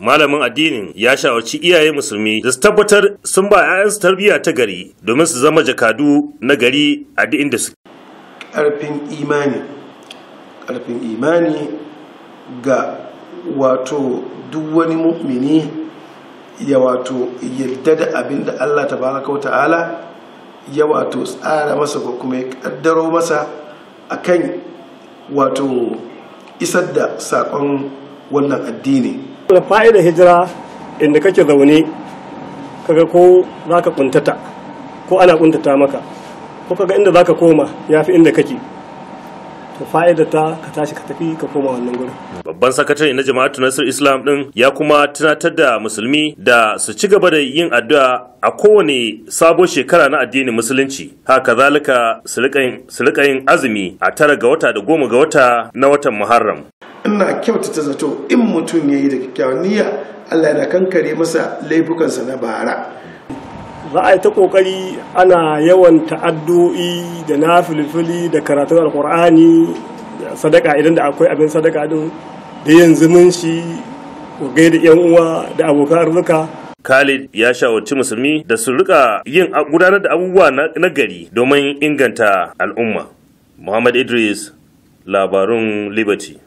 malamin addinin ya shawarci iyaye musulmi da su tabbatar sun ba 'ya'yansu tarbiyya ta gari domin su zama jakadu na gari a duk inda suke ƙarfin imani ƙarfin imani ga wato duk wani mu'mini ya wato yadda da abin da allah ta baraka ta'ala ya wato tsara masa ko kuma ya ƙaddaro masa akan wato isar da saƙon wannan addini da fa'idar hijira inda kake zaune kaga ko za ka kuntata ko ana kuntata maka ko kaga inda za ka koma ya fi inda kake to fa'idar ta ka tashi ka tafi ka koma wannan gurin. Babban sakatare na jama'atu tunasir Islam din ya kuma tunatar da musulmi da su ci gaba da yin addu'a a kowane sabon shekara na addinin musulunci. Haka zalika su rika yin azumi a tara ga wata da goma ga wata na watan Muharram. muna kyautata zato in mutum ya yi da kyakkyawan niyya allah yana kankare masa laifukansa na bara za a yi ta kokari ana yawan ta'addu'i da na filfili da karatun alkur'ani sadaka idan da akwai abin sadaka din da yin zumunci gai da yan uwa da abokan arzika Khalid ya shawarci musulmi da su rika yin gudanar da abubuwa na gari domin inganta al'umma. Muhammad Idris, labarun Liberty.